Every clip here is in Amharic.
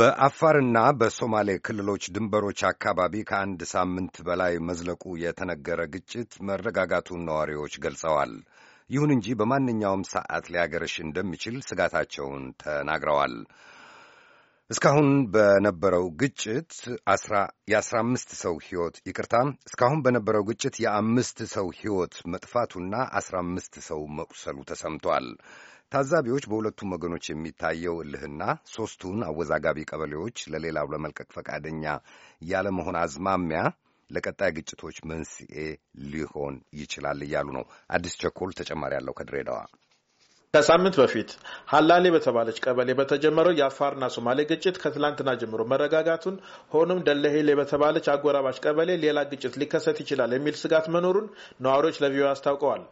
በአፋርና በሶማሌ ክልሎች ድንበሮች አካባቢ ከአንድ ሳምንት በላይ መዝለቁ የተነገረ ግጭት መረጋጋቱን ነዋሪዎች ገልጸዋል። ይሁን እንጂ በማንኛውም ሰዓት ሊያገረሽ እንደሚችል ስጋታቸውን ተናግረዋል። እስካሁን በነበረው ግጭት የአስራ አምስት ሰው ሕይወት ይቅርታ፣ እስካሁን በነበረው ግጭት የአምስት ሰው ሕይወት መጥፋቱና አስራ አምስት ሰው መቁሰሉ ተሰምቷል። ታዛቢዎች በሁለቱም ወገኖች የሚታየው እልህና ሦስቱን አወዛጋቢ ቀበሌዎች ለሌላው ለመልቀቅ ፈቃደኛ ያለመሆን አዝማሚያ ለቀጣይ ግጭቶች መንስኤ ሊሆን ይችላል እያሉ ነው። አዲስ ቸኮል ተጨማሪ አለው ከድሬዳዋ ከሳምንት በፊት ሀላሌ በተባለች ቀበሌ በተጀመረው የአፋርና ሶማሌ ግጭት ከትላንትና ጀምሮ መረጋጋቱን፣ ሆኖም ደለሄሌ በተባለች አጎራባች ቀበሌ ሌላ ግጭት ሊከሰት ይችላል የሚል ስጋት መኖሩን ነዋሪዎች ለቪዮ አስታውቀዋል።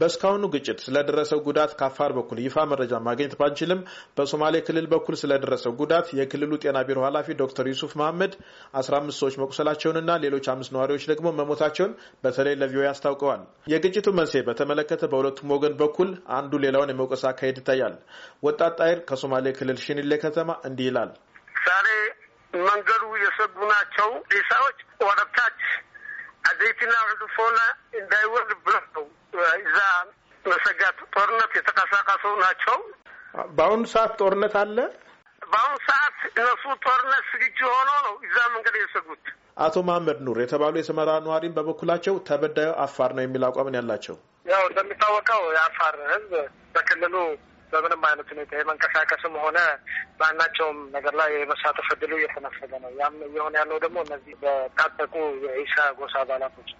በእስካሁኑ ግጭት ስለደረሰው ጉዳት ከአፋር በኩል ይፋ መረጃ ማግኘት ባንችልም በሶማሌ ክልል በኩል ስለደረሰው ጉዳት የክልሉ ጤና ቢሮ ኃላፊ ዶክተር ዩሱፍ መሐመድ አስራ አምስት ሰዎች መቁሰላቸውንና ሌሎች አምስት ነዋሪዎች ደግሞ መሞታቸውን በተለይ ለቪዮ አስታውቀዋል። የግጭቱ መንስኤ በተመለከተ በሁለቱም ወገን በኩል አንዱ ሌላውን የመውቀስ አካሄድ ይታያል። ወጣት ጣይር ከሶማሌ ክልል ሽንሌ ከተማ እንዲህ ይላል። ዛሬ መንገዱ የሰጉ ናቸው። ሌሳዎች ወደታች አዘይትና ርድፎና እንዳይወርድ ብለው እዛ መሰጋት ጦርነት የተቀሳቀሱ ናቸው። በአሁኑ ሰዓት ጦርነት አለ። በአሁኑ ሰዓት እነሱ ጦርነት ሆኖ ነው እዛ መንገድ የሰጉት። አቶ መሀመድ ኑር የተባሉ የሰመራ ነዋሪም በበኩላቸው ተበዳዩ አፋር ነው የሚል አቋምን ያላቸው ያው እንደሚታወቀው የአፋር ህዝብ በክልሉ በምንም አይነት ሁኔታ የመንቀሳቀስም ሆነ በአናቸውም ነገር ላይ የመሳተፍ እድሉ እየተነፈገ ነው። ያም እየሆነ ያለው ደግሞ እነዚህ በታጠቁ የኢሳ ጎሳ አባላቶች።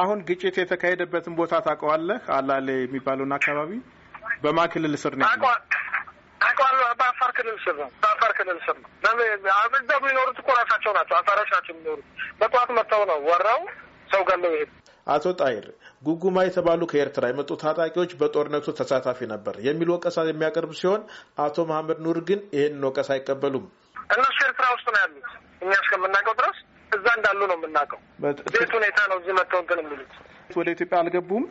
አሁን ግጭት የተካሄደበትን ቦታ ታውቀዋለህ? አላሌ የሚባለውን አካባቢ በማ ክልል ስር ነው? ታውቀዋለህ? በአፋር ክልል ስር ነው። ነበር ክልል ነው። እዛ የሚኖሩት እኮ ራሳቸው ናቸው። አሳሪዎች ናቸው የሚኖሩት። በጠዋት መጥተው ነው ወራው ሰው ገለው ይሄድ አቶ ጣይር ጉጉማ የተባሉ ከኤርትራ የመጡ ታጣቂዎች በጦርነቱ ተሳታፊ ነበር የሚል ወቀሳ የሚያቀርብ ሲሆን አቶ መሀመድ ኑር ግን ይህንን ወቀሳ አይቀበሉም። እነሱ ኤርትራ ውስጥ ነው ያሉት። እኛ እስከምናውቀው ድረስ እዛ እንዳሉ ነው የምናውቀው። ቤት ሁኔታ ነው እዚህ መጥተው እንትን የሚሉት። ወደ ኢትዮጵያ አልገቡም።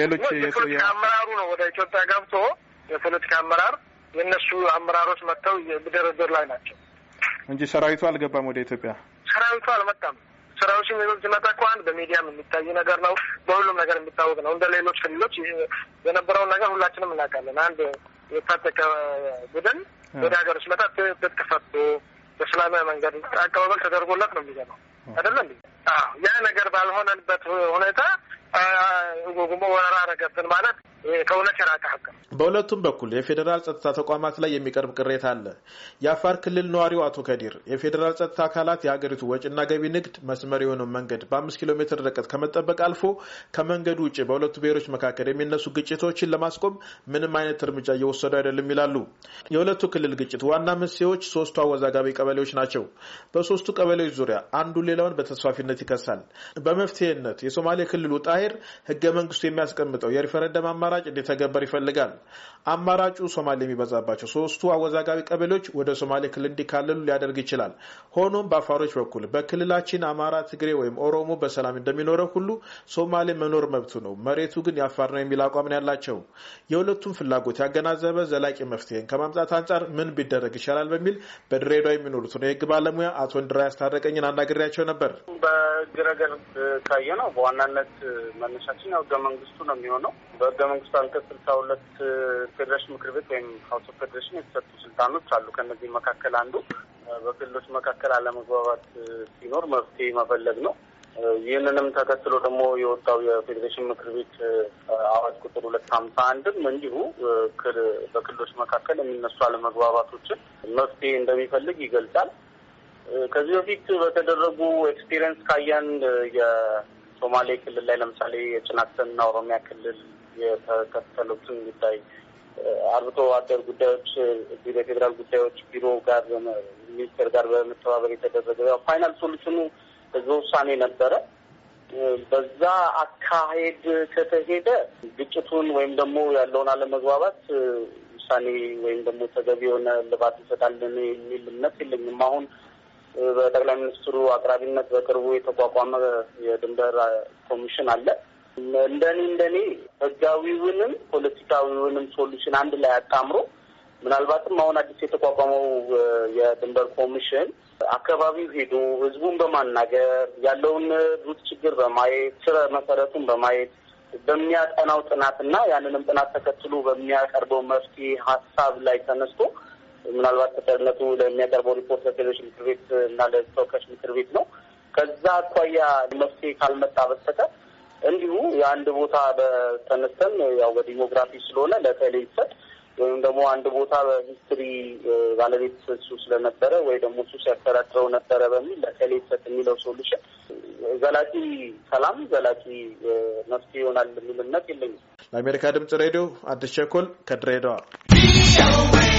ሌሎች የፖለቲካ አመራሩ ነው ወደ ኢትዮጵያ ገብቶ የፖለቲካ አመራር የእነሱ አመራሮች መጥተው በድርድር ላይ ናቸው እንጂ ሰራዊቱ አልገባም ወደ ኢትዮጵያ። ሰራዊቱ አልመጣም። ሰራዊቱ ሲመጣ እኮ አንድ በሚዲያም የሚታይ ነገር ነው፣ በሁሉም ነገር የሚታወቅ ነው። እንደ ሌሎች ክልሎች የነበረውን ነገር ሁላችንም እናውቃለን። አንድ የታጠቀ ቡድን ወደ ሀገር ሲመጣ ትጥቅ ፈቶ በሰላማዊ መንገድ አቀባበል ተደርጎለት ነው የሚገባው አይደለ እንዴ? ያ ነገር ባልሆነበት ሁኔታ ጉሞ ወረራ ረገብን ማለት ከእውነት የራቀ ህግ ነው። በሁለቱም በኩል የፌዴራል ጸጥታ ተቋማት ላይ የሚቀርብ ቅሬታ አለ። የአፋር ክልል ነዋሪው አቶ ከዲር የፌዴራል ጸጥታ አካላት የሀገሪቱ ወጪና ገቢ ንግድ መስመር የሆነው መንገድ በአምስት ኪሎ ሜትር ርቀት ከመጠበቅ አልፎ ከመንገዱ ውጭ በሁለቱ ብሔሮች መካከል የሚነሱ ግጭቶችን ለማስቆም ምንም አይነት እርምጃ እየወሰዱ አይደለም ይላሉ። የሁለቱ ክልል ግጭት ዋና መንስኤዎች ሶስቱ አወዛጋቢ ቀበሌዎች ናቸው። በሶስቱ ቀበሌዎች ዙሪያ አንዱ ሌላውን በተስፋፊነት ይከሳል። በመፍትሄነት የሶማሌ ክልሉ ጣሄር ህገ መንግስቱ የሚያስቀምጠው የሪፈረንደም አማራ አማራጭ እንዲተገበር ይፈልጋል። አማራጩ ሶማሌ የሚበዛባቸው ሶስቱ አወዛጋቢ ቀበሌዎች ወደ ሶማሌ ክልል እንዲካለሉ ሊያደርግ ይችላል። ሆኖም በአፋሮች በኩል በክልላችን አማራ፣ ትግሬ ወይም ኦሮሞ በሰላም እንደሚኖረው ሁሉ ሶማሌ መኖር መብቱ ነው፣ መሬቱ ግን ያፋር ነው የሚል አቋም ነው ያላቸው። የሁለቱም ፍላጎት ያገናዘበ ዘላቂ መፍትሄን ከማምጣት አንጻር ምን ቢደረግ ይቻላል በሚል በድሬዳዋ የሚኖሩትን የህግ ባለሙያ አቶ እንድራ ያስታረቀኝን አናግሬያቸው ነበር። ከህግ ረገድ ካየ ነው በዋናነት መነሻችን ያው ህገ መንግስቱ ነው የሚሆነው። በህገ መንግስቱ አንቀጽ ስልሳ ሁለት ፌዴሬሽን ምክር ቤት ወይም ሀውስ ኦፍ ፌዴሬሽን የተሰጡ ስልጣኖች አሉ። ከእነዚህ መካከል አንዱ በክልሎች መካከል አለመግባባት ሲኖር መፍትሄ መፈለግ ነው። ይህንንም ተከትሎ ደግሞ የወጣው የፌዴሬሽን ምክር ቤት አዋጅ ቁጥር ሁለት ሀምሳ አንድም እንዲሁ በክልሎች መካከል የሚነሱ አለመግባባቶችን መፍትሄ እንደሚፈልግ ይገልጻል። ከዚህ በፊት በተደረጉ ኤክስፒሪየንስ ካያን የሶማሌ ክልል ላይ ለምሳሌ የጭናክሰንና ኦሮሚያ ክልል የተከተሉትን ጉዳይ አርብቶ አደር ጉዳዮች የፌዴራል ጉዳዮች ቢሮ ጋር ሚኒስቴር ጋር በመተባበር የተደረገ ያው ፋይናል ሶሉሽኑ በዛ ውሳኔ ነበረ። በዛ አካሄድ ከተሄደ ግጭቱን ወይም ደግሞ ያለውን አለመግባባት ውሳኔ ወይም ደግሞ ተገቢ የሆነ ልባት ይሰጣል የሚል እምነት የለኝም። አሁን በጠቅላይ ሚኒስትሩ አቅራቢነት በቅርቡ የተቋቋመ የድንበር ኮሚሽን አለ። እንደኔ እንደኔ ህጋዊውንም ፖለቲካዊውንም ሶሉሽን አንድ ላይ አጣምሮ ምናልባትም አሁን አዲስ የተቋቋመው የድንበር ኮሚሽን አካባቢው ሄዶ ህዝቡን በማናገር ያለውን ሩት ችግር በማየት ስረ መሰረቱን በማየት በሚያጠናው ጥናትና ያንንም ጥናት ተከትሎ በሚያቀርበው መፍትሄ ሀሳብ ላይ ተነስቶ ምናልባት ተጠርነቱ ለሚያቀርበው ሪፖርት ለፌዴሬሽን ምክር ቤት እና ለተወካዮች ምክር ቤት ነው። ከዛ አኳያ መፍትሄ ካልመጣ በስተቀር እንዲሁ የአንድ ቦታ በተነስተን ያው በዲሞግራፊ ስለሆነ ለተለይ ይሰጥ ወይም ደግሞ አንድ ቦታ በሂስትሪ ባለቤት እሱ ስለነበረ ወይ ደግሞ እሱ ሲያከራክረው ነበረ በሚል ለተለይ ይሰጥ የሚለው ሶሉሽን ዘላቂ ሰላም ዘላቂ መፍትሄ ይሆናል የሚል እምነት የለኝም። ለአሜሪካ ድምጽ ሬዲዮ አዲስ ቸኮል ከድሬዳዋ